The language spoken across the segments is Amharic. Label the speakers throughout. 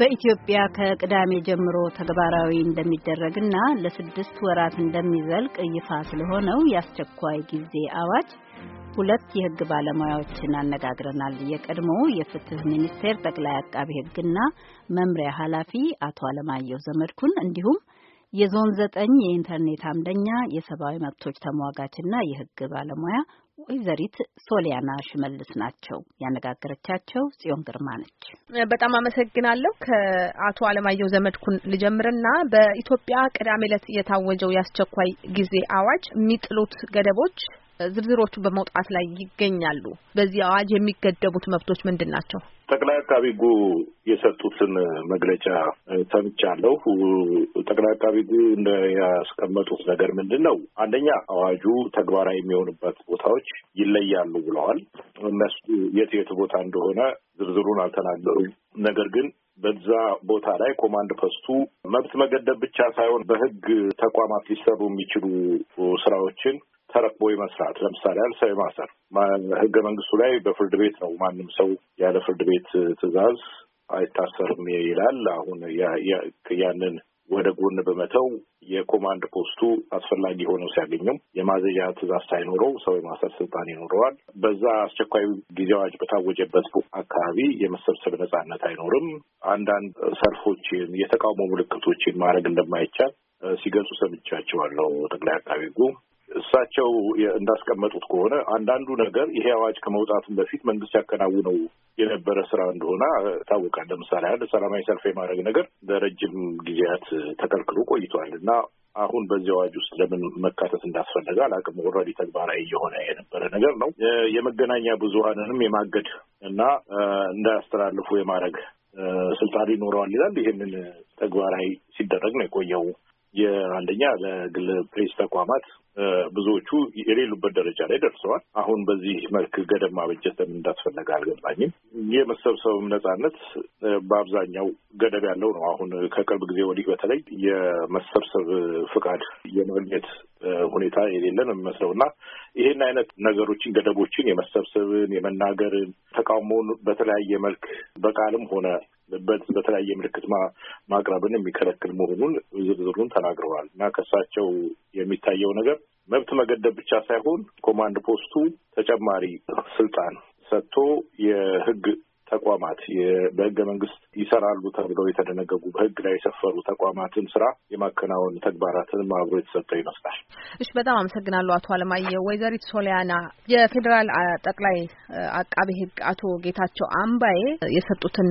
Speaker 1: በኢትዮጵያ ከቅዳሜ ጀምሮ ተግባራዊ እንደሚደረግና ለስድስት ወራት እንደሚዘልቅ
Speaker 2: ይፋ ስለሆነው የአስቸኳይ ጊዜ አዋጅ ሁለት የሕግ ባለሙያዎችን አነጋግረናል። የቀድሞው የፍትህ ሚኒስቴር ጠቅላይ አቃቢ ሕግና መምሪያ ኃላፊ አቶ አለማየሁ ዘመድኩን እንዲሁም የዞን ዘጠኝ የኢንተርኔት አምደኛ የሰብአዊ መብቶች ተሟጋችና የሕግ ባለሙያ ወይዘሪት ሶሊያና ሽመልስ ናቸው። ያነጋገረቻቸው ጽዮን ግርማ ነች።
Speaker 1: በጣም አመሰግናለሁ። ከአቶ አለማየሁ ዘመድኩን ልጀምርና በኢትዮጵያ ቅዳሜ ዕለት የታወጀው የአስቸኳይ ጊዜ አዋጅ የሚጥሉት ገደቦች ዝርዝሮቹ በመውጣት ላይ ይገኛሉ። በዚህ አዋጅ የሚገደቡት መብቶች ምንድን ናቸው?
Speaker 3: ጠቅላይ አቃቢ ሕጉ የሰጡትን መግለጫ ሰምቻለሁ። ጠቅላይ አቃቢ ሕጉ እንደ ያስቀመጡት ነገር ምንድን ነው? አንደኛ አዋጁ ተግባራዊ የሚሆንበት ቦታዎች ይለያሉ ብለዋል። እነሱ የት የት ቦታ እንደሆነ ዝርዝሩን አልተናገሩም። ነገር ግን በዛ ቦታ ላይ ኮማንድ ፖስቱ መብት መገደብ ብቻ ሳይሆን በህግ ተቋማት ሊሰሩ የሚችሉ ስራዎችን ተረክቦ የመስራት ለምሳሌ ያህል ሰው የማሰር ህገ መንግስቱ ላይ በፍርድ ቤት ነው ማንም ሰው ያለ ፍርድ ቤት ትእዛዝ አይታሰርም ይላል። አሁን ያንን ወደ ጎን በመተው የኮማንድ ፖስቱ አስፈላጊ ሆነው ሲያገኙም የማዘዣ ትእዛዝ ሳይኖረው ሰው የማሰር ስልጣን ይኖረዋል። በዛ አስቸኳይ ጊዜ አዋጅ በታወጀበት አካባቢ የመሰብሰብ ነጻነት አይኖርም። አንዳንድ ሰልፎችን፣ የተቃውሞ ምልክቶችን ማድረግ እንደማይቻል ሲገልጹ ሰምቻቸዋለሁ። ጠቅላይ አቃቤ ሕጉ እሳቸው እንዳስቀመጡት ከሆነ አንዳንዱ ነገር ይሄ አዋጅ ከመውጣቱም በፊት መንግስት ያከናውነው የነበረ ስራ እንደሆነ ታወቃል። ለምሳሌ አንድ ሰላማዊ ሰልፍ የማድረግ ነገር በረጅም ጊዜያት ተከልክሎ ቆይቷል እና አሁን በዚህ አዋጅ ውስጥ ለምን መካተት እንዳስፈለገ አላውቅም። ኦልሬዲ ተግባራዊ የሆነ የነበረ ነገር ነው። የመገናኛ ብዙሀንንም የማገድ እና እንዳያስተላልፉ የማድረግ ስልጣን ይኖረዋል ይላል። ይህንን ተግባራዊ ሲደረግ ነው የቆየው። የአንደኛ ለግል ፕሬስ ተቋማት ብዙዎቹ የሌሉበት ደረጃ ላይ ደርሰዋል። አሁን በዚህ መልክ ገደብ ማበጀት እንዳስፈለገ አልገባኝም። የመሰብሰብም ነጻነት በአብዛኛው ገደብ ያለው ነው። አሁን ከቅርብ ጊዜ ወዲህ በተለይ የመሰብሰብ ፍቃድ የማግኘት ሁኔታ የሌለ ነው የሚመስለው እና ይህን አይነት ነገሮችን ገደቦችን፣ የመሰብሰብን፣ የመናገርን፣ ተቃውሞውን በተለያየ መልክ በቃልም ሆነ በተለያየ ምልክት ማቅረብን የሚከለክል መሆኑን ዝርዝሩን ተናግረዋል እና ከእሳቸው የሚታየው ነገር መብት መገደብ ብቻ ሳይሆን ኮማንድ ፖስቱ ተጨማሪ ስልጣን ሰጥቶ የህግ ተቋማት በህገ መንግስት ይሰራሉ ተብለው የተደነገጉ በህግ ላይ የሰፈሩ ተቋማትን ስራ የማከናወን ተግባራትንም አብሮ የተሰጠ ይመስላል።
Speaker 1: እሺ፣ በጣም አመሰግናለሁ አቶ አለማየሁ። ወይዘሪት ሶሊያና የፌዴራል ጠቅላይ አቃቤ ህግ አቶ ጌታቸው አምባዬ የሰጡትን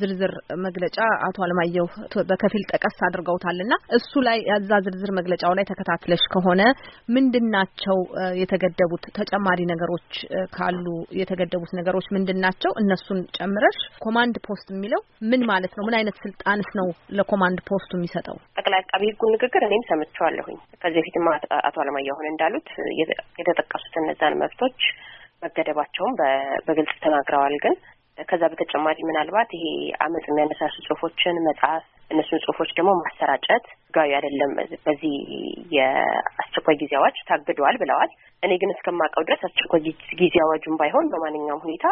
Speaker 1: ዝርዝር መግለጫ አቶ አለማየሁ በከፊል ጠቀስ አድርገውታል እና እሱ ላይ ያዛ ዝርዝር መግለጫው ላይ ተከታትለሽ ከሆነ ምንድናቸው የተገደቡት ተጨማሪ ነገሮች ካሉ የተገደቡት ነገሮች ምንድናቸው? እነሱን ጨምረሽ ኮማንድ ፖስት የሚለው ምን ማለት ነው? ምን አይነት ስልጣንስ ነው ለኮማንድ ፖስቱ የሚሰጠው?
Speaker 2: ጠቅላይ አቃቢ ሕጉን ንግግር እኔም ሰምቸዋለሁኝ። ከዚህ በፊትም አቶ አለማየሁን እንዳሉት የተጠቀሱት እነዛን መብቶች መገደባቸውን በግልጽ ተናግረዋል። ግን ከዛ በተጨማሪ ምናልባት ይሄ አመፅ የሚያነሳሱ ጽሁፎችን መጽሐፍ እነሱን ጽሁፎች ደግሞ ማሰራጨት ህጋዊ አይደለም፣ በዚህ የአስቸኳይ ጊዜ አዋጅ ታግደዋል ብለዋል። እኔ ግን እስከማውቀው ድረስ አስቸኳይ ጊዜ አዋጁን ባይሆን በማንኛውም ሁኔታ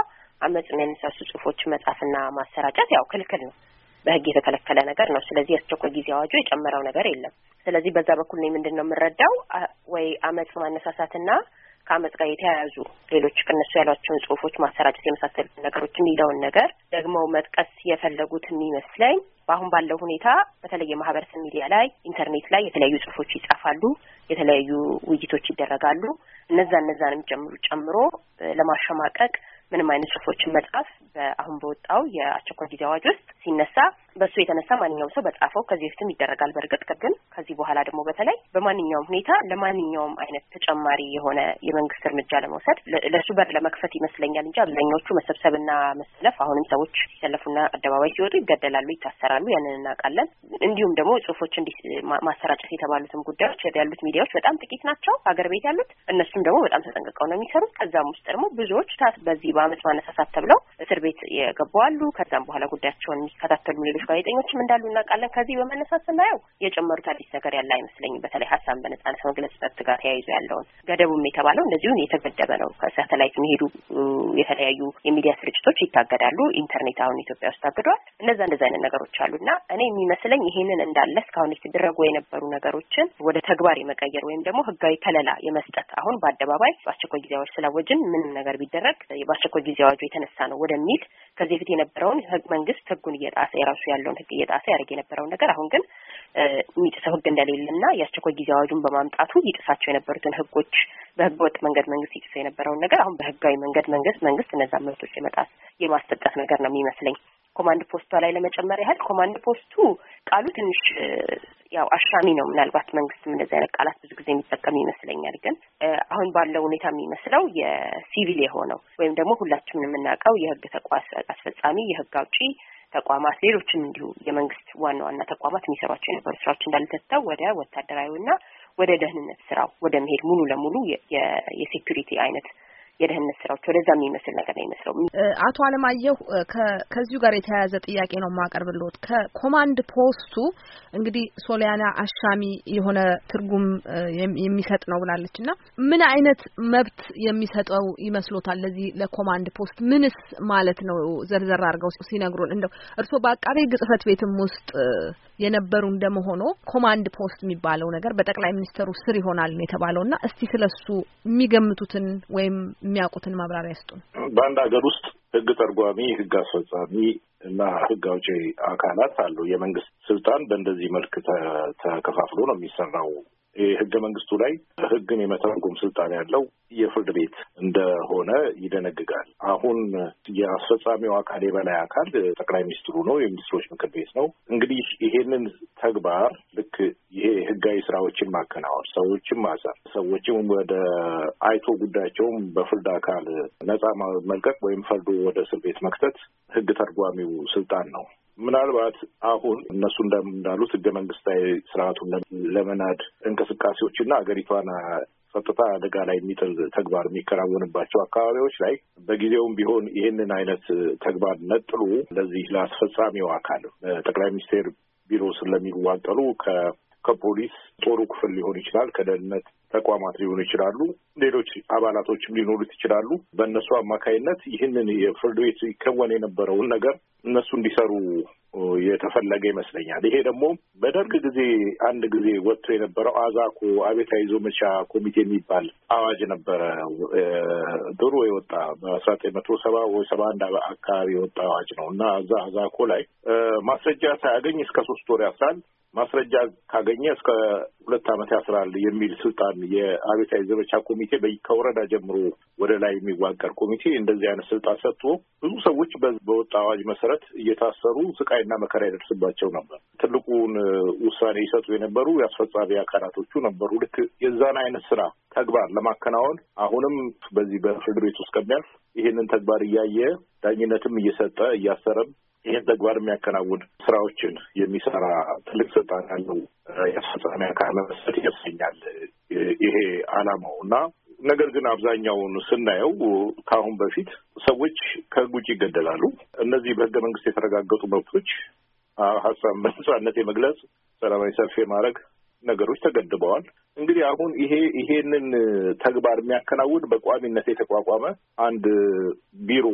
Speaker 2: አመፅ የሚያነሳሱ ጽሁፎች መጻፍና ማሰራጨት ያው ክልክል ነው፣ በህግ የተከለከለ ነገር ነው። ስለዚህ አስቸኳይ ጊዜ አዋጁ የጨመረው ነገር የለም። ስለዚህ በዛ በኩል ነው ምንድን ነው የምንረዳው ወይ አመፅ ማነሳሳትና ከአመፅ ጋር የተያያዙ ሌሎች ቅንሱ ያሏቸውን ጽሁፎች ማሰራጨት የመሳሰሉት ነገሮች የሚለውን ነገር ደግሞ መጥቀስ የፈለጉት የሚመስለኝ በአሁን ባለው ሁኔታ በተለይ የማህበረሰብ ሚዲያ ላይ ኢንተርኔት ላይ የተለያዩ ጽሁፎች ይጻፋሉ፣ የተለያዩ ውይይቶች ይደረጋሉ። እነዛ እነዛንም ጨምሩ ጨምሮ ለማሸማቀቅ ምንም አይነት ጽሁፎችን መጻፍ በአሁን በወጣው የአስቸኳይ ጊዜ አዋጅ ውስጥ ሲነሳ በሱ የተነሳ ማንኛውም ሰው በጻፈው ከዚህ በፊትም ይደረጋል። በእርግጥ ግን ከዚህ በኋላ ደግሞ በተለይ በማንኛውም ሁኔታ ለማንኛውም አይነት ተጨማሪ የሆነ የመንግስት እርምጃ ለመውሰድ ለእሱ በር ለመክፈት ይመስለኛል እንጂ አብዛኛዎቹ መሰብሰብና መሰለፍ አሁንም ሰዎች ሲሰለፉና አደባባይ ሲወጡ ይገደላሉ፣ ይታሰራሉ። ያንን እናውቃለን። እንዲሁም ደግሞ ጽሁፎች እንዲ ማሰራጨት የተባሉትም ጉዳዮች ያሉት ሚዲያዎች በጣም ጥቂት ናቸው ሀገር ቤት ያሉት። እነሱም ደግሞ በጣም ተጠንቅቀው ነው የሚሰሩት። ከዛም ውስጥ ደግሞ ብዙዎች በዚህ በአመፅ ማነሳሳት ተብለው እስር ቤት የገቡ አሉ። ከዛም በኋላ ጉዳያቸውን የሚከታተሉ ሌሎች ሌሎች ጋዜጠኞችም እንዳሉ እናውቃለን። ከዚህ በመነሳት ስናየው የጨመሩት አዲስ ነገር ያለ አይመስለኝም። በተለይ ሀሳብን በነጻነት መግለጽ መብት ጋር ተያይዞ ያለውን ገደቡም የተባለው እንደዚሁም የተገደበ ነው። ከሳተላይት የሚሄዱ የተለያዩ የሚዲያ ስርጭቶች ይታገዳሉ። ኢንተርኔት አሁን ኢትዮጵያ ውስጥ ታግዷል። እነዛ እንደዚ አይነት ነገሮች አሉ እና እኔ የሚመስለኝ ይሄንን እንዳለ እስካሁን የተደረጉ የነበሩ ነገሮችን ወደ ተግባር የመቀየር ወይም ደግሞ ህጋዊ ከለላ የመስጠት አሁን በአደባባይ በአስቸኳይ ጊዜ አዋጅ ስላወጅን ምንም ነገር ቢደረግ በአስቸኳይ ጊዜ አዋጁ የተነሳ ነው ወደሚል ከዚህ በፊት የነበረውን መንግስት ህጉን እየጣሰ የራሱ ያለውን ህግ እየጣሰ ያደርግ የነበረውን ነገር አሁን ግን የሚጥሰው ህግ እንደሌለና የአስቸኳይ ጊዜ አዋጁን በማምጣቱ ይጥሳቸው የነበሩትን ህጎች በህገ ወጥ መንገድ መንግስት ይጥሰው የነበረውን ነገር አሁን በህጋዊ መንገድ መንግስት መንግስት እነዛን መብቶች የመጣስ የማስጠቀስ ነገር ነው የሚመስለኝ። ኮማንድ ፖስቷ ላይ ለመጨመር ያህል ኮማንድ ፖስቱ ቃሉ ትንሽ ያው አሻሚ ነው። ምናልባት መንግስት እንደዚህ አይነት ቃላት ብዙ ጊዜ የሚጠቀም ይመስለኛል። ግን አሁን ባለው ሁኔታ የሚመስለው የሲቪል የሆነው ወይም ደግሞ ሁላችንም የምናውቀው የህግ ተቋስ አስፈጻሚ፣ የህግ አውጪ፣ ተቋማት ሌሎችም እንዲሁ የመንግስት ዋና ዋና ተቋማት የሚሰሯቸው የነበሩ ስራዎች እንዳልተተው ወደ ወደ ወታደራዊና ወደ ደህንነት ስራው ወደ መሄድ ሙሉ ለሙሉ የሴኩሪቲ አይነት የደህንነት ስራዎች ወደዛ የሚመስል ነገር ነው ይመስለው።
Speaker 1: አቶ አለማየሁ ከዚሁ ጋር የተያያዘ ጥያቄ ነው የማቀርብልዎት። ከኮማንድ ፖስቱ እንግዲህ ሶሊያና አሻሚ የሆነ ትርጉም የሚሰጥ ነው ብላለች እና ምን አይነት መብት የሚሰጠው ይመስሎታል? ለዚህ ለኮማንድ ፖስት ምንስ ማለት ነው? ዘርዘር አድርገው ሲነግሩን እንደው እርስዎ በአቃቤ ሕግ ቤትም ውስጥ የነበሩ እንደመሆኖ ኮማንድ ፖስት የሚባለው ነገር በጠቅላይ ሚኒስተሩ ስር ይሆናል ነው የተባለውና እስቲ ስለሱ የሚገምቱትን ወይም የሚያውቁትን ማብራሪያ ያስጡን።
Speaker 3: በአንድ ሀገር ውስጥ ህግ ተርጓሚ፣ ህግ አስፈጻሚ እና ህግ አውጪ አካላት አሉ። የመንግስት ስልጣን በእንደዚህ መልክ ተከፋፍሎ ነው የሚሰራው ህገ መንግስቱ ላይ ህግን የመተርጎም ስልጣን ያለው የፍርድ ቤት እንደሆነ ይደነግጋል። አሁን የአስፈጻሚው አካል የበላይ አካል ጠቅላይ ሚኒስትሩ ነው፣ የሚኒስትሮች ምክር ቤት ነው። እንግዲህ ይሄንን ተግባር ልክ ይሄ ህጋዊ ስራዎችን ማከናወን፣ ሰዎችን ማሰር፣ ሰዎችም ወደ አይቶ ጉዳያቸውም በፍርድ አካል ነጻ መልቀቅ ወይም ፈርዶ ወደ እስር ቤት መክተት ህግ ተርጓሚው ስልጣን ነው። ምናልባት አሁን እነሱ እንዳሉት ህገ መንግስታዊ ስርዓቱን ለመናድ እንቅስቃሴዎችና ሀገሪቷን ጸጥታ አደጋ ላይ የሚጥል ተግባር የሚከናወንባቸው አካባቢዎች ላይ በጊዜውም ቢሆን ይህንን አይነት ተግባር ነጥሉ ለዚህ ለአስፈጻሚው አካል ጠቅላይ ሚኒስቴር ቢሮ ስለሚዋጠሉ ከፖሊስ ጦሩ ክፍል ሊሆን ይችላል ከደህንነት ተቋማት ሊሆኑ ይችላሉ፣ ሌሎች አባላቶችም ሊኖሩት ይችላሉ። በእነሱ አማካይነት ይህንን የፍርድ ቤት ይከወን የነበረውን ነገር እነሱ እንዲሰሩ የተፈለገ ይመስለኛል። ይሄ ደግሞ በደርግ ጊዜ አንድ ጊዜ ወጥቶ የነበረው አዛኮ አቤታዊ ዘመቻ ኮሚቴ የሚባል አዋጅ ነበረ። ድሮ የወጣ በአስራ ዘጠኝ መቶ ሰባ ወይ ሰባ አንድ አካባቢ የወጣ አዋጅ ነው እና እዛ አዛኮ ላይ ማስረጃ ሳያገኝ እስከ ሶስት ወር ያስራል፣ ማስረጃ ካገኘ እስከ ሁለት ዓመት ያስራል የሚል ስልጣን የአቤታዊ ዘመቻ ኮሚቴ ከወረዳ ጀምሮ ወደ ላይ የሚዋቀር ኮሚቴ እንደዚህ አይነት ስልጣን ሰጥቶ ብዙ ሰዎች በወጣ አዋጅ መሰረት እየታሰሩ ስቃይና መከራ ይደርስባቸው ነበር። ትልቁን ውሳኔ ይሰጡ የነበሩ የአስፈጻሚ አካላቶቹ ነበሩ። ልክ የዛን አይነት ስራ ተግባር ለማከናወን አሁንም በዚህ በፍርድ ቤት ውስጥ ከሚያልፍ ይህንን ተግባር እያየ ዳኝነትም እየሰጠ እያሰረም ይህን ተግባር የሚያከናውን ስራዎችን የሚሰራ ትልቅ ስልጣን ያለው የአስፈጻሚ አካል መመስረት ይደርሰኛል። ይሄ አላማው እና ነገር ግን አብዛኛውን ስናየው ከአሁን በፊት ሰዎች ከህግ ውጭ ይገደላሉ። እነዚህ በህገ መንግስት የተረጋገጡ መብቶች ሀሳብ በነጻነት የመግለጽ፣ ሰላማዊ ሰልፍ የማድረግ ነገሮች ተገድበዋል። እንግዲህ አሁን ይሄ ይሄንን ተግባር የሚያከናውን በቋሚነት የተቋቋመ አንድ ቢሮ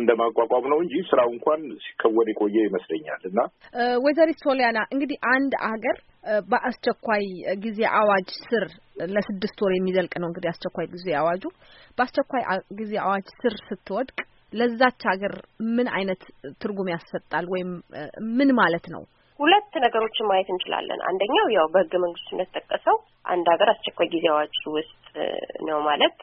Speaker 3: እንደ ማቋቋም ነው እንጂ ስራው እንኳን ሲከወን የቆየ ይመስለኛል። እና
Speaker 1: ወይዘሪት ሶሊያና እንግዲህ አንድ ሀገር በአስቸኳይ ጊዜ አዋጅ ስር ለስድስት ወር የሚዘልቅ ነው እንግዲህ አስቸኳይ ጊዜ አዋጁ በአስቸኳይ ጊዜ አዋጅ ስር ስትወድቅ ለዛች ሀገር ምን አይነት ትርጉም ያሰጣል ወይም ምን ማለት ነው?
Speaker 2: ሁለት ነገሮችን ማየት እንችላለን። አንደኛው ያው በህገ መንግስቱ እንደተጠቀሰው አንድ ሀገር አስቸኳይ ጊዜ አዋጅ ውስጥ ነው ማለት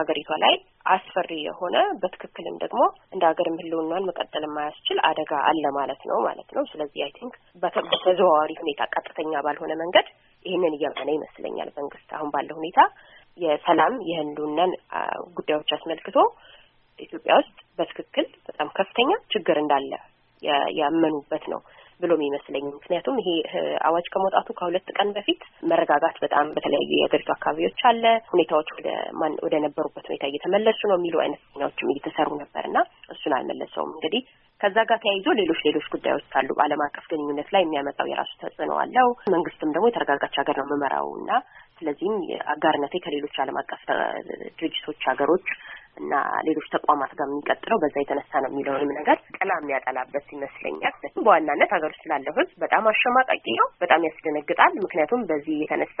Speaker 2: አገሪቷ ላይ አስፈሪ የሆነ በትክክልም ደግሞ እንደ ሀገርም ህልውናን መቀጠል የማያስችል አደጋ አለ ማለት ነው ማለት ነው። ስለዚህ አይ ቲንክ በተዘዋዋሪ ሁኔታ ቀጥተኛ ባልሆነ መንገድ ይህንን እያመነ ይመስለኛል መንግስት አሁን ባለው ሁኔታ የሰላም የህልውናን ጉዳዮች አስመልክቶ ኢትዮጵያ ውስጥ በትክክል በጣም ከፍተኛ ችግር እንዳለ ያመኑበት ነው። ብሎ የሚመስለኝ። ምክንያቱም ይሄ አዋጅ ከመውጣቱ ከሁለት ቀን በፊት መረጋጋት በጣም በተለያዩ የሀገሪቱ አካባቢዎች አለ፣ ሁኔታዎች ወደ ማን ወደ ነበሩበት ሁኔታ እየተመለሱ ነው የሚሉ አይነት ዜናዎችም እየተሰሩ ነበርና እሱን አልመለሰውም እንግዲህ ከዛ ጋር ተያይዞ ሌሎች ሌሎች ጉዳዮች አሉ። በዓለም አቀፍ ግንኙነት ላይ የሚያመጣው የራሱ ተጽዕኖ አለው። መንግስትም ደግሞ የተረጋጋች ሀገር ነው የምመራው እና ስለዚህም አጋርነቴ ከሌሎች ዓለም አቀፍ ድርጅቶች ሀገሮች እና ሌሎች ተቋማት ጋር የሚቀጥለው በዛ የተነሳ ነው የሚለውንም ነገር ጥላ የሚያጠላበት ይመስለኛል። በዋናነት ሀገር ውስጥ ላለው ህዝብ በጣም አሸማቃቂ ነው፣ በጣም ያስደነግጣል። ምክንያቱም በዚህ የተነሳ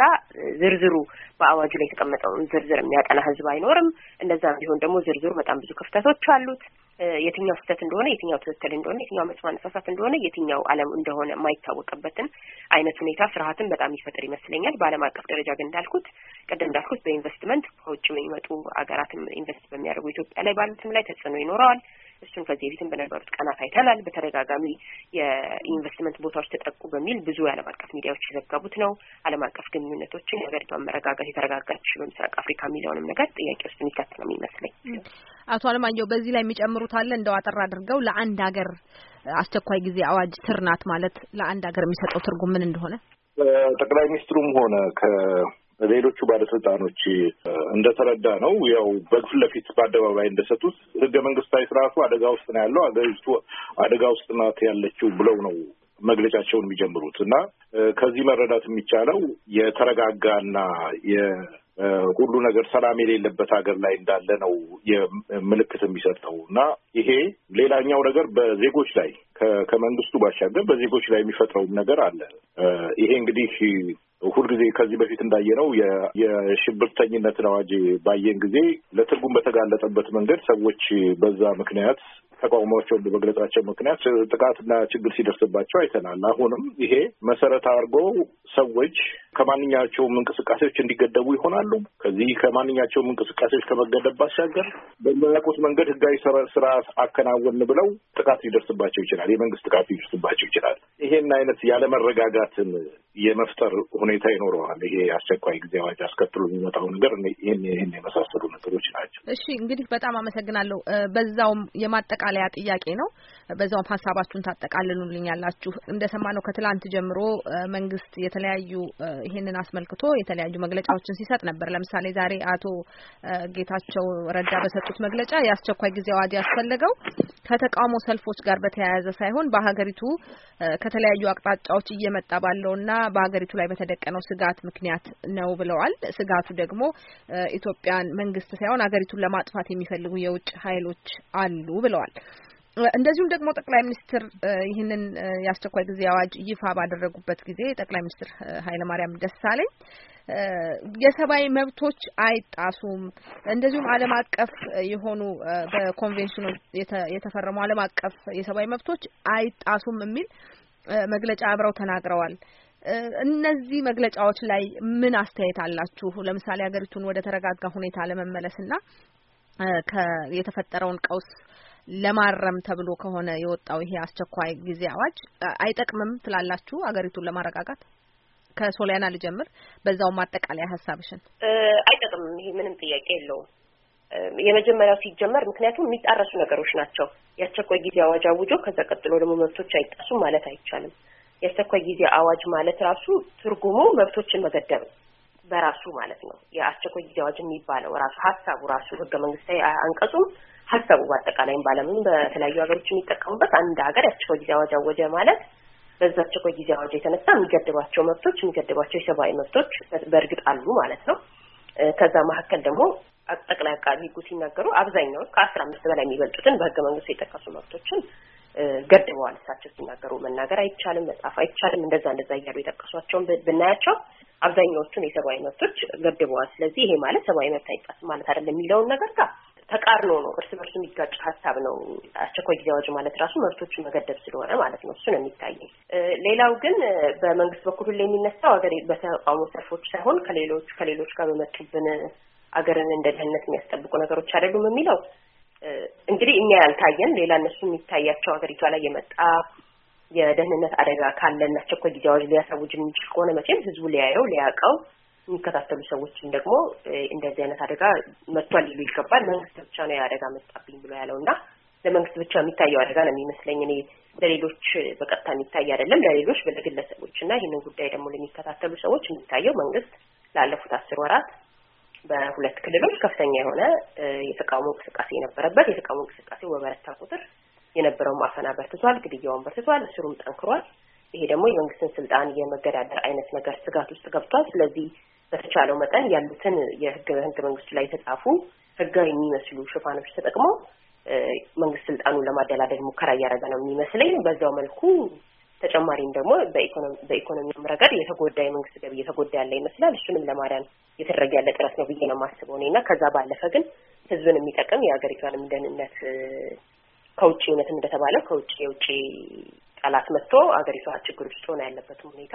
Speaker 2: ዝርዝሩ በአዋጁ ላይ የተቀመጠውን ዝርዝር የሚያጠና ህዝብ አይኖርም። እንደዛም ቢሆን ደግሞ ዝርዝሩ በጣም ብዙ ክፍተቶች አሉት። የትኛው ስህተት እንደሆነ የትኛው ትክክል እንደሆነ የትኛው መጽ ማነሳሳት እንደሆነ የትኛው ዓለም እንደሆነ የማይታወቅበትን አይነት ሁኔታ ፍርሃትን በጣም ይፈጥር ይመስለኛል። በዓለም አቀፍ ደረጃ ግን እንዳልኩት ቅድም እንዳልኩት በኢንቨስትመንት ከውጭ የሚመጡ ሀገራትም ኢንቨስት በሚያደርጉ ኢትዮጵያ ላይ ባሉትም ላይ ተጽዕኖ ይኖረዋል። እሱም ከዚህ በፊትም በነበሩት ቀናት አይተናል። በተደጋጋሚ የኢንቨስትመንት ቦታዎች ተጠቁ በሚል ብዙ የዓለም አቀፍ ሚዲያዎች የዘገቡት ነው። ዓለም አቀፍ ግንኙነቶችን የሀገሪቷን መረጋጋት የተረጋጋች በምስራቅ አፍሪካ የሚለውንም ነገር ጥያቄ ውስጥ የሚከት ነው የሚመስለኝ።
Speaker 1: አቶ አለማየሁ በዚህ ላይ የሚጨምሩት አለ? እንደው አጠር አድርገው ለአንድ ሀገር አስቸኳይ ጊዜ አዋጅ ስር ናት ማለት ለአንድ ሀገር የሚሰጠው ትርጉም ምን እንደሆነ
Speaker 3: ጠቅላይ ሚኒስትሩም ሆነ ሌሎቹ ባለስልጣኖች እንደተረዳ ነው ያው በግፍ ለፊት በአደባባይ እንደሰጡት ህገ መንግስታዊ ስርዓቱ አደጋ ውስጥ ነው ያለው፣ አገሪቱ አደጋ ውስጥ ናት ያለችው ብለው ነው መግለጫቸውን የሚጀምሩት እና ከዚህ መረዳት የሚቻለው የተረጋጋና ሁሉ ነገር ሰላም የሌለበት ሀገር ላይ እንዳለ ነው ምልክት የሚሰጠው እና ይሄ ሌላኛው ነገር በዜጎች ላይ ከመንግስቱ ባሻገር በዜጎች ላይ የሚፈጥረውም ነገር አለ። ይሄ እንግዲህ ሁልጊዜ ከዚህ በፊት እንዳየነው የሽብርተኝነትን አዋጅ ባየን ጊዜ ለትርጉም በተጋለጠበት መንገድ ሰዎች በዛ ምክንያት ተቋቁሟቸው በመግለጻቸው ምክንያት ጥቃትና ችግር ሲደርስባቸው አይተናል። አሁንም ይሄ መሰረት አድርጎ ሰዎች ከማንኛቸውም እንቅስቃሴዎች እንዲገደቡ ይሆናሉ። ከዚህ ከማንኛቸውም እንቅስቃሴዎች ከመገደብ ባሻገር በሚያውቁት መንገድ ህጋዊ ስርዓት አከናወን ብለው ጥቃት ሊደርስባቸው ይችላል። የመንግስት ጥቃት ሊደርስባቸው ይችላል። ይሄን አይነት ያለመረጋጋትን የመፍጠር ሁኔታ ይኖረዋል። ይሄ አስቸኳይ ጊዜ አዋጅ አስከትሎ የሚመጣው ነገር ይህን ይህን የመሳሰሉ ነገሮች ናቸው።
Speaker 1: እሺ እንግዲህ በጣም አመሰግናለሁ። በዛውም የማጠቃለ ማጠቃለያ ጥያቄ ነው በዛውም ሀሳባችሁን ታጠቃልሉልኝ ያላችሁ እንደሰማነው ከትላንት ጀምሮ መንግስት የተለያዩ ይሄንን አስመልክቶ የተለያዩ መግለጫዎችን ሲሰጥ ነበር። ለምሳሌ ዛሬ አቶ ጌታቸው ረዳ በሰጡት መግለጫ የአስቸኳይ ጊዜ አዋጅ ያስፈለገው ከተቃውሞ ሰልፎች ጋር በተያያዘ ሳይሆን በሀገሪቱ ከተለያዩ አቅጣጫዎች እየመጣ ባለውና በሀገሪቱ ላይ በተደቀነው ስጋት ምክንያት ነው ብለዋል። ስጋቱ ደግሞ ኢትዮጵያን መንግስት ሳይሆን ሀገሪቱን ለማጥፋት የሚፈልጉ የውጭ ኃይሎች አሉ ብለዋል። እንደዚሁም ደግሞ ጠቅላይ ሚኒስትር ይህንን የአስቸኳይ ጊዜ አዋጅ ይፋ ባደረጉበት ጊዜ ጠቅላይ ሚኒስትር ኃይለማርያም ደሳለኝ የሰብአዊ መብቶች አይጣሱም፣ እንደዚሁም ዓለም አቀፍ የሆኑ በኮንቬንሽኑ የተፈረሙ ዓለም አቀፍ የሰብአዊ መብቶች አይጣሱም የሚል መግለጫ አብረው ተናግረዋል። እነዚህ መግለጫዎች ላይ ምን አስተያየት አላችሁ? ለምሳሌ ሀገሪቱን ወደ ተረጋጋ ሁኔታ ለመመለስና የተፈጠረውን ቀውስ ለማረም ተብሎ ከሆነ የወጣው ይሄ አስቸኳይ ጊዜ አዋጅ አይጠቅምም ትላላችሁ አገሪቱን ለማረጋጋት? ከሶሊያና ልጀምር፣ በዛው ማጠቃለያ ሀሳብሽን።
Speaker 2: አይጠቅምም፣ ይሄ ምንም ጥያቄ የለውም።
Speaker 1: የመጀመሪያው ሲጀመር ምክንያቱም የሚጣረሱ
Speaker 2: ነገሮች ናቸው። የአስቸኳይ ጊዜ አዋጅ አውጆ ከዛ ቀጥሎ ደግሞ መብቶች አይጣሱም ማለት አይቻልም። የአስቸኳይ ጊዜ አዋጅ ማለት ራሱ ትርጉሙ መብቶችን መገደብ ነው። በራሱ ማለት ነው የአስቸኳይ ጊዜ አዋጅ የሚባለው ራሱ ሀሳቡ ራሱ ህገ መንግስታዊ አንቀጹም ሀሳቡ በአጠቃላይም ባለምን በተለያዩ ሀገሮች የሚጠቀሙበት አንድ ሀገር የአስቸኳይ ጊዜ አዋጅ አወጀ ማለት በዛ አስቸኳይ ጊዜ አዋጅ የተነሳ የሚገድባቸው መብቶች የሚገድባቸው የሰብአዊ መብቶች በእርግጥ አሉ ማለት ነው። ከዛ መካከል ደግሞ ጠቅላይ አቃቢ ህጉ ሲናገሩ አብዛኛውን ከአስራ አምስት በላይ የሚበልጡትን በህገ መንግስቱ የጠቀሱ መብቶችን ገድበዋል። እሳቸው ሲናገሩ መናገር አይቻልም፣ መጻፍ አይቻልም፣ እንደዛ እንደዛ እያሉ የጠቀሷቸውን ብናያቸው አብዛኛዎቹን የሰብአዊ መብቶች ገድበዋል። ስለዚህ ይሄ ማለት ሰብአዊ መብት አይጣስም ማለት አይደለም የሚለውን ነገር ጋር ተቃርኖ ነው፣ እርስ በርሱ የሚጋጭ ሀሳብ ነው። አስቸኳይ ጊዜ አዋጅ ማለት ራሱ መብቶቹ መገደብ ስለሆነ ማለት ነው። እሱ ነው የሚታየኝ። ሌላው ግን በመንግስት በኩል ሁሌ የሚነሳው ሀገር በተቃውሞ ሰልፎች ሳይሆን ከሌሎች ከሌሎች ጋር በመጡብን አገርን እንደ ደህንነት የሚያስጠብቁ ነገሮች አይደሉም የሚለው እንግዲህ እኛ ያልታየን ሌላ እነሱ የሚታያቸው ሀገሪቷ ላይ የመጣ የደህንነት አደጋ ካለና አስቸኳይ ጊዜ አዋጅ ሊያሳውጅ የሚችል ከሆነ መቼም ህዝቡ ሊያየው ሊያውቀው የሚከታተሉ ሰዎችም ደግሞ እንደዚህ አይነት አደጋ መጥቷል ሊሉ ይገባል። መንግስት ብቻ ነው የአደጋ መጣብኝ ብሎ ያለው እና ለመንግስት ብቻ የሚታየው አደጋ ነው የሚመስለኝ እኔ ለሌሎች በቀጥታ የሚታይ አይደለም፣ ለሌሎች ለግለሰቦች እና ይህንን ጉዳይ ደግሞ ለሚከታተሉ ሰዎች የሚታየው መንግስት ላለፉት አስር ወራት በሁለት ክልሎች ከፍተኛ የሆነ የተቃውሞ እንቅስቃሴ የነበረበት የተቃውሞ እንቅስቃሴ በበረታ ቁጥር የነበረው ማፈና በርትቷል፣ ግድያውን በርትቷል፣ እስሩም ጠንክሯል። ይሄ ደግሞ የመንግስትን ስልጣን የመገዳደር አይነት ነገር ስጋት ውስጥ ገብቷል። ስለዚህ በተቻለው መጠን ያሉትን የህገ መንግስቱ ላይ የተጻፉ ህጋዊ የሚመስሉ ሽፋኖች ተጠቅመው መንግስት ስልጣኑን ለማደላደል ሙከራ እያደረገ ነው የሚመስለኝ። በዛው መልኩ ተጨማሪም ደግሞ በኢኮኖሚውም ረገድ የተጎዳ የመንግስት ገቢ እየተጎዳ ያለ ይመስላል። እሱንም ለማዳን እየተደረገ ያለ ጥረት ነው ብዬ ነው የማስበው እኔ እና ከዛ ባለፈ ግን ህዝብን የሚጠቅም የሀገሪቷንም ደህንነት ከውጭ እውነት እንደተባለው ከውጭ የውጭ ጠላት መጥቶ ሀገሪቷ ችግር ውስጥ ሆነ ያለበትም ሁኔታ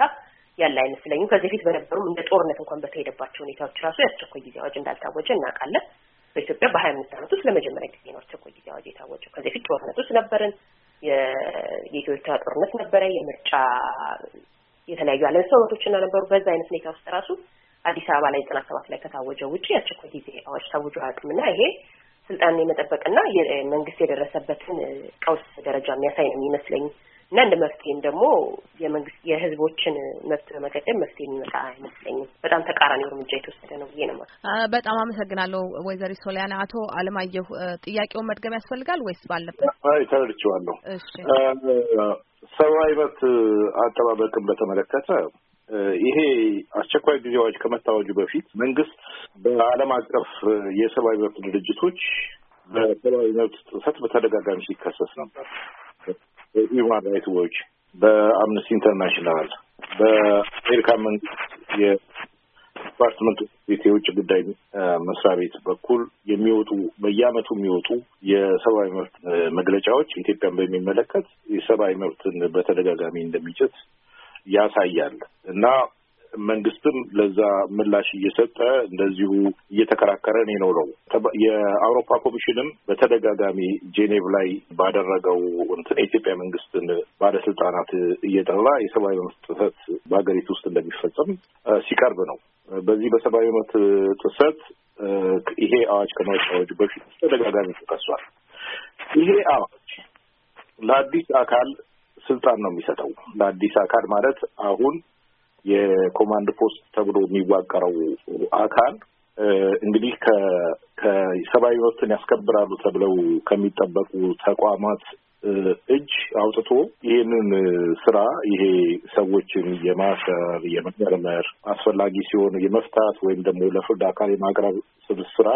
Speaker 2: ያለ አይመስለኝም። ከዚህ በፊት በነበሩም እንደ ጦርነት እንኳን በተሄደባቸው ሁኔታዎች ራሱ የአስቸኳይ ጊዜ አዋጅ እንዳልታወጀ እናውቃለን። በኢትዮጵያ በሀያ አምስት ዓመት ውስጥ ለመጀመሪያ ጊዜ ነው አስቸኳይ ጊዜ አዋጅ የታወጀው። ከዚህ በፊት ጦርነት ውስጥ ነበርን። የኢትዮጵያ ጦርነት ነበረ፣ የምርጫ የተለያዩ አለመግባባቶችና ነበሩ። በዛ አይነት ሁኔታ ውስጥ ራሱ አዲስ አበባ ላይ ዘጠና ሰባት ላይ ከታወጀው ውጭ የአስቸኳይ ጊዜ አዋጅ ታውጆ አያውቅምና ይሄ ስልጣን የመጠበቅና መንግስት የደረሰበትን ቀውስ ደረጃ የሚያሳይ ነው የሚመስለኝ። እና እንደ መፍትሄም ደግሞ የመንግስት የህዝቦችን መብት በመገደብ መፍትሄ የሚመጣ አይመስለኝም። በጣም ተቃራኒ እርምጃ የተወሰደ ነው
Speaker 1: ብዬ ነው በጣም አመሰግናለሁ ወይዘሪ ሶሊያና። አቶ አለማየሁ ጥያቄውን መድገም ያስፈልጋል ወይስ ባለበት?
Speaker 3: ተረድቼዋለሁ። ሰብአዊ መብት አጠባበቅን በተመለከተ ይሄ አስቸኳይ ጊዜ አዋጅ ከመታወጁ በፊት መንግስት በዓለም አቀፍ የሰብአዊ መብት ድርጅቶች በሰብአዊ መብት ጥሰት በተደጋጋሚ ሲከሰስ ነበር። በሂውማን ራይትስ ዎች፣ በአምነስቲ ኢንተርናሽናል፣ በአሜሪካ መንግስት የዲፓርትመንት ቤት የውጭ ጉዳይ መስሪያ ቤት በኩል የሚወጡ በየአመቱ የሚወጡ የሰብአዊ መብት መግለጫዎች ኢትዮጵያን በሚመለከት የሰብአዊ መብትን በተደጋጋሚ እንደሚጭት ያሳያል እና መንግስትም ለዛ ምላሽ እየሰጠ እንደዚሁ እየተከራከረ ነው የኖረው። የአውሮፓ ኮሚሽንም በተደጋጋሚ ጄኔቭ ላይ ባደረገው እንትን የኢትዮጵያ መንግስትን ባለስልጣናት እየጠራ የሰብአዊ መብት ጥሰት በሀገሪቱ ውስጥ እንደሚፈጸም ሲቀርብ ነው። በዚህ በሰብአዊ መብት ጥሰት ይሄ አዋጅ ከመወጣቱ በፊት ተደጋጋሚ ተከሷል። ይሄ አዋጅ ለአዲስ አካል ስልጣን ነው የሚሰጠው። ለአዲስ አካል ማለት አሁን የኮማንድ ፖስት ተብሎ የሚዋቀረው አካል እንግዲህ ከሰብአዊ መብትን ያስከብራሉ ተብለው ከሚጠበቁ ተቋማት እጅ አውጥቶ ይህንን ስራ ይሄ ሰዎችን የማሰር የመመርመር አስፈላጊ ሲሆን የመፍታት ወይም ደግሞ ለፍርድ አካል የማቅረብ ስብስ ስራ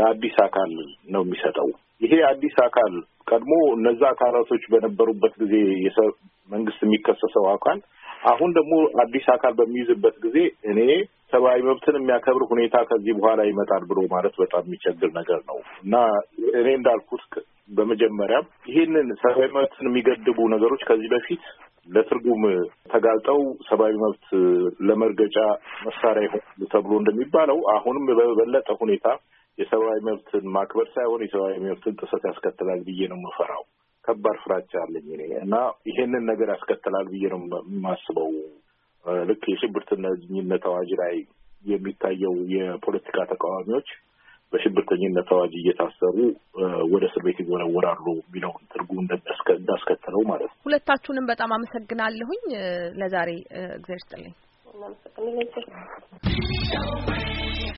Speaker 3: ለአዲስ አካል ነው የሚሰጠው። ይሄ አዲስ አካል ቀድሞ እነዛ አካላቶች በነበሩበት ጊዜ መንግስት የሚከሰሰው አካል አሁን ደግሞ አዲስ አካል በሚይዝበት ጊዜ እኔ ሰብአዊ መብትን የሚያከብር ሁኔታ ከዚህ በኋላ ይመጣል ብሎ ማለት በጣም የሚቸግር ነገር ነው እና እኔ እንዳልኩት በመጀመሪያም ይህንን ሰብአዊ መብትን የሚገድቡ ነገሮች ከዚህ በፊት ለትርጉም ተጋልጠው ሰብአዊ መብት ለመርገጫ መሳሪያ ይሆናሉ ተብሎ እንደሚባለው አሁንም በበለጠ ሁኔታ የሰብአዊ መብትን ማክበር ሳይሆን የሰብአዊ መብትን ጥሰት ያስከትላል ብዬ ነው የምፈራው። ከባድ ፍራቻ አለኝ እኔ እና ይሄንን ነገር ያስከትላል ብዬ ነው የማስበው። ልክ የሽብርተኝነት አዋጅ ላይ የሚታየው የፖለቲካ ተቃዋሚዎች በሽብርተኝነት አዋጅ እየታሰሩ ወደ እስር ቤት ይወረወራሉ የሚለውን ትርጉም እንዳስከተለው ማለት ነው።
Speaker 1: ሁለታችሁንም በጣም አመሰግናለሁኝ። ለዛሬ እግዚአብሔር ይስጥልኝ።